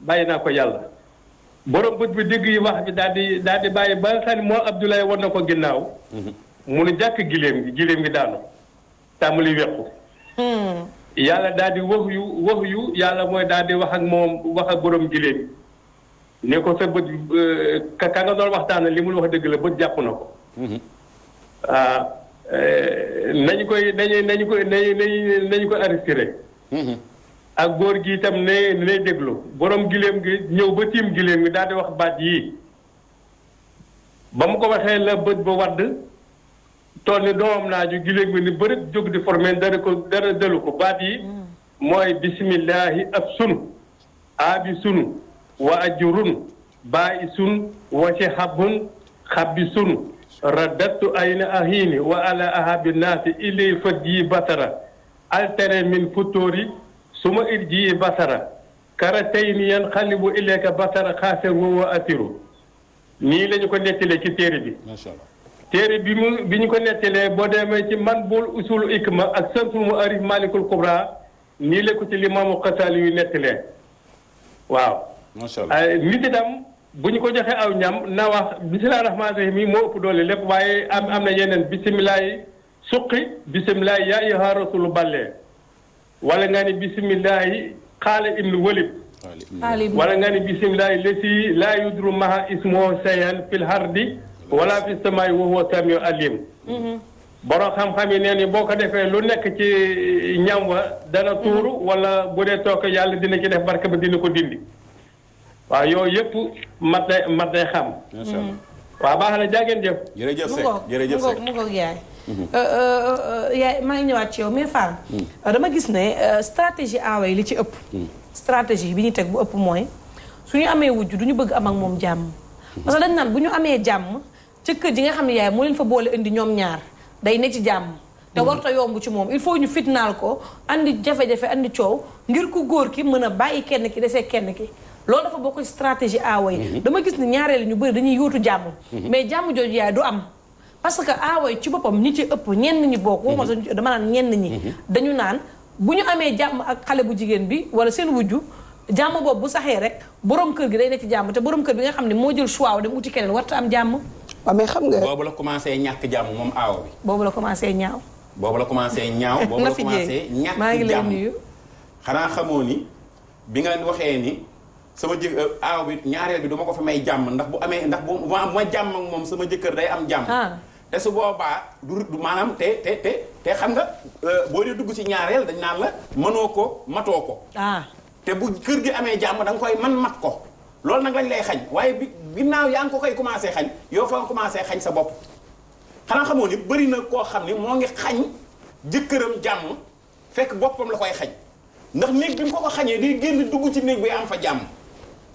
bàyyi naa ko yàlla borom bët bi dégg yi wax bi daal di daal di bàyyi ba nga xam ne moo Abdoulaye war na ko ginnaaw. Mm-hmm. mu nu jàkk giléem gi giléem gi daanu tàmbali wequ hmm. yàlla daal di yu wax yu yàlla mooy daal di wax ak moom wax ak borom giléem ne ko sa bët euh, ka ka nga doon waxtaan li mu wax dégg la bët jàpp na ko. Mm-hmm. Ah, euh, nañu koy nañu nañu koy nañu nañu nañu ko arrêté. Mm-hmm. ak góor gi itam ne ne lay déglu borom giléem gi ñëw ba tiim giléem gi daal di wax baat yii ba mu ko waxee la bët ba wadd tool ni doomam naa ju giléem gi ni bërit jóg di formé dara ko dara delu ko baat yi mm. mooy bisimillahi ab sun aabi sun wa ajurun baayi sun wa ci xabun xabbi sun radattu ayna ahini wa ala ahabi naasi ilay fët yi batara altere min futóori suma irji basara karatayni yanqalibu ilayka basara xaasir wa huwa nii la ko nettalee ci téere bi. macha téere bi mu bi ñu ko nettalee boo demee ci man bool usulu ikma ak santul mu arif malikul kubra nii la ko ci limaamu xasaali yu nettalee waaw. macha bu ñu ko joxee aw ñam na wax bisimilah rahmaani rahiim yi moo ëpp doole lépp waaye am am na yeneen bisimilah yi suqi bisimilah yaa ayyuha rasulu ballee wala nga ni bisimilahi xaala ibnu walid wala nga ni bisimilahi lesi laa yudru maha ismo sayan fil fi samaay wa huwa samiu alim mhm. borom xam-xam yi nee ni boo ko defee lu nekk ci ñam wa dana tuuru mhm. wala bu dee toog yàlla dina ci def barke ba dina ko dindi waaw yooyu yëpp mat day mat day mhm. baax na jaa jëf. mu ngoog yaay. Euh, euh, euh, yaay maa ngi ñëwaat ci yow mais Fall. Hmm. dama gis ne stratégie aaway li ci ëpp. Hmm. stratégie bi ñu teg bu ëpp mooy suñu amee wujj du ñu bëgg am ak moom jàmm. Hmm. parce que dañ naan bu ñu amee jàmm ca kër ji nga xam ne yaay moo leen fa boole indi ñoom ñaar day ne ci jàmm. te warta yomb ci moom il faut ñu fitnaal ko andi jafe-jafe andi coow ngir ku góor ki mën a bàyyi kenn ki desee kenn ki. loolu dafa bokk stratégie aaway. dama gis ne ñaareel ñu bëri dañuy yóotu jàmm. mais jàmm jooju yaay du am. parce que aawo yi ci boppam ñi ci ëpp ñenn ñi bokk. Mhm. waxuma sax dama naan ñenn ñi. Mhm. dañu naan bu ñu amee jàmm ak xale bu jigéen bi wala seen wujju jàmm boobu bu saxee rek borom kër gi day nekk jàmm te borom kër bi nga xam ne moo jël choix wu dem uti keneen warta am jàmm. mais xam nga. boobu la commencé ñàkk jàmm moom aaw bi. boobu la commencé ñaaw. boobu la commencé ñaaw boobu la commencé ñàkk maa ngi lay nuyu. xanaa xamoo ni bi nga waxee ni sama jë euh, aaw bi ñaareel bi duma ko fa may jàmm ndax bu amee ndax bu ma jàmm ak moom sama jëkkër day am jàmm ah. te su boobaa du du maanaam te te te te xam nga euh, boo dee dugg ci ñaareel dañ naan la mënoo ko matoo ko. Ah. te bu kër gi amee jàmm da koy man mat ko. loolu nag lañ lay xañ waaye bi ginnaaw yaa ngi ko koy commencé xañ yow fa nga commencé xañ sa bopp xanaa xamoo ni bëri na koo xam ni moo ngi xañ jëkkëram jàmm fekk boppam la koy xañ ndax néeg bi mu ko ko xañee day génn dugg ci néeg bi am fa jàmm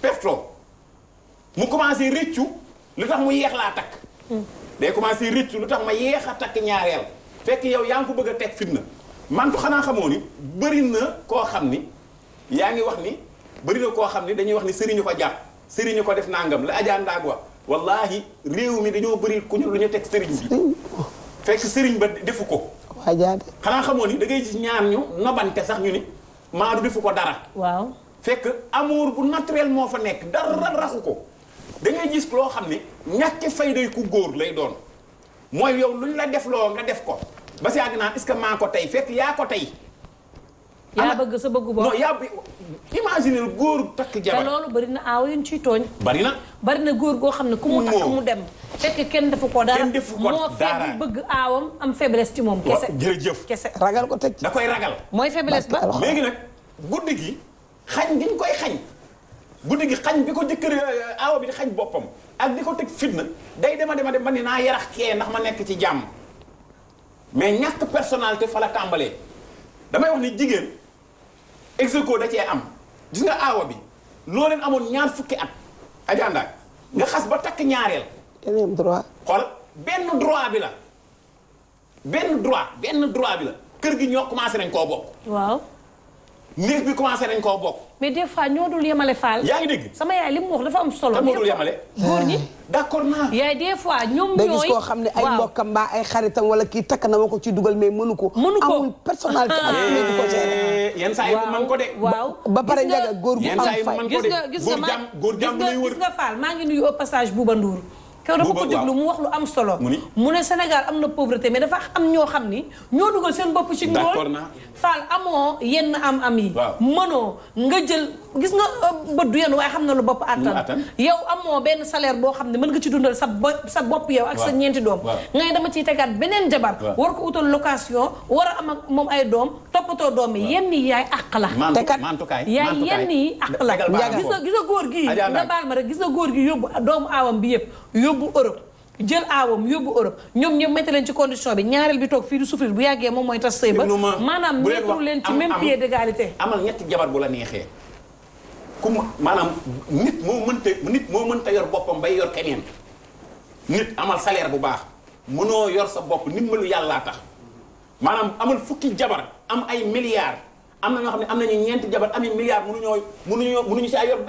pefto mu commencé rëccu li tax mu yeex laa takk. Hmm. day commencé rëccu lu tax ma yéex a takk ñaareel fekk yow yaa ngi ko bëgg a teg fitna man ko xanaa xamoo ni bëri na koo xam ni yaa ngi wax ni bëri koo xam ni dañuy wax ni sëriñu ko jàpp sëriñu ko def nangam la ajaan daag wax wallaahi réew mi dañoo bëri ku ñu lu ñu teg sëriñ bi fekk sëriñ ba defu ko xanaa xamoo ni da ngay gis ñaar ñu nobante sax ñu ni maa du defu ko dara waaw fekk amour bu naturel moo fa nekk dara raxu ko da ngay gis loo xam ni ñàkk fayday ku góor lay doon mooy yow luñ la def loo nga def ko ba si àgg naa est-ce que maa ko tey fekk yaa ko tey. yaa bëgg sa bëggu boobu non yaa imaginer góor takk jabar. te loolu bari na aaw yuñ ciy tooñ. bari na bari na góor goo xam ne ku mu takk mu dem. fekk kenn defu ko dara kenn defu ko dara bëgg aawam am faiblesse ci moom. kese jërëjëf kese ragal ko teg ci. da koy ragal. mooy faiblesse ba léegi nag guddi gi xañ giñ koy xañ. guddi gi xañ bi ko jëkkër aawa eh, bi di xañ boppam ak di ko teg fitna day dema dema dem ba ni naa yarax kee ndax ma nekk ci jàmm mais ñàkk personnalité fa la tàmbalee damay wax ni jigéen execo da cee am gis nga aawa bi loo leen amoon ñaar fukki at ajandaay nga xas ba takk ñaareel benn droit xool benn droit bi la benn droit benn droit bi la kër gi ñoo commencé nañ koo bokk néeg bi commencé nañ koo bokk. mais des fois ñoo dul yemale faal. yaa ngi dégg sama yaay li mu wax dafa am solo. kan moo dul yemale góor ñi. Ah. d' naa. yaay des fois ñoom ñooy day xam ne ay mbokkam mbaa ay xaritam wala kii takk na ma ko ci dugal mais mënu ko. ko amul personnalité ak ah. mënu ko gérer. Eh, yenn saa yi mu mën ko de. ba pare njaga góor gu am fay. gis nga gis nga gis nga gis nga faal maa ngi nuyu au passage Bouba Ndour kew dama ko lu mu wax lu am solo mu ne Sénégal am na pauvreté mais dafa am ñoo xam ni ñoo dugal seen bopp ci ndóol faal amoo yenn am am yi mënoo nga jël gis nga euh, bët du yenn waaye xam na lu bopp àttan yow amoo benn salaire boo xam ne mën nga ci dundal sa sa bopp yow ak sa ñeenti doom ngay dama ciy tegaat beneen jabar war ko utal location war a am ak moom ay doom toppatoo doom yi yenn yi yaay àq la. te kat yaay yenn yi àq la. gis gis nga góor gi nga baal ma rek gis nga góor gi yóbbu doomu aawam bi yëpp yóbbu Europe. jël aawam yóbbu Europe ñoom ñoom metti leen ci condition bi ñaareel bi toog fii du souffrir bu yàggee moom mooy tas sëy ba maanaam mettre leen ci même pied d'égalité amal ñetti jabar bu la neexee ku maanaam nit moo mënta nit moo mënta yor boppam bay yor keneen nit amal salaire bu baax mënoo yor sa bopp ndimbalu yàllaa tax maanaam amul fukki jabar am ay milliards am na ñoo xam ne am nañu ñeenti jabar am i milliards mënuñoo mënuñoo mënuñu si ay yor